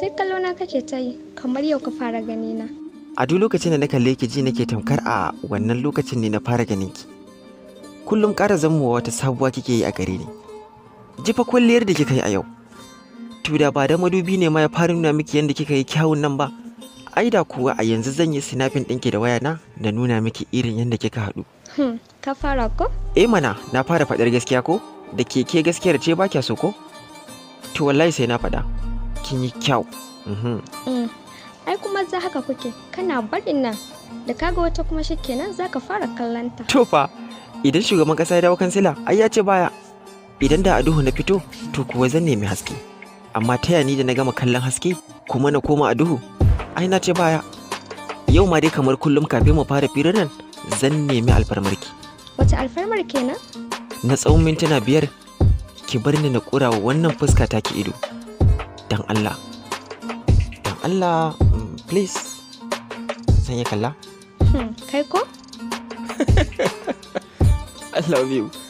sai kallona kake ta yi kamar yau ka fara gani a duk lokacin da na kalle ki ji nake tamkar a wannan lokacin ne na fara ganin ki kullum ƙara zamuwa wata sabuwa kike yi a gare ni Jifa fa kwalliyar da kika yi a yau to da ba da madubi ne ma ya fara nuna miki yadda kika yi kyawun nan ba ai da kuwa a yanzu zan yi sinafin ɗinki da waya na da nuna miki irin yadda kika haɗu. Hmm, ka fara ko? eh mana na fara faɗar gaskiya ko da keke gaskiyar ce ba kya so ko? to wallahi sai na faɗa. kin yi kyau mm-hmm. mm. ai kuma za haka kuke kana barin nan da kaga wata kuma shi kenan za ka fara kallanta to fa idan shugaban ƙasa ya dawo kansila ai ya ce baya idan da a duhu na fito to kuwa zan nemi haske amma taya ni da na gama kallon haske kuma na koma a duhu ai na ce baya yau ma dai kamar kullum kafin mu fara firar nan zan nemi alfarmarki wace alfarmar kenan na tsawon mintuna biyar ki bar ni na kura wa wannan fuska ta ido Allah don Allah mm, please sanya kalla hmm, kai ko I love you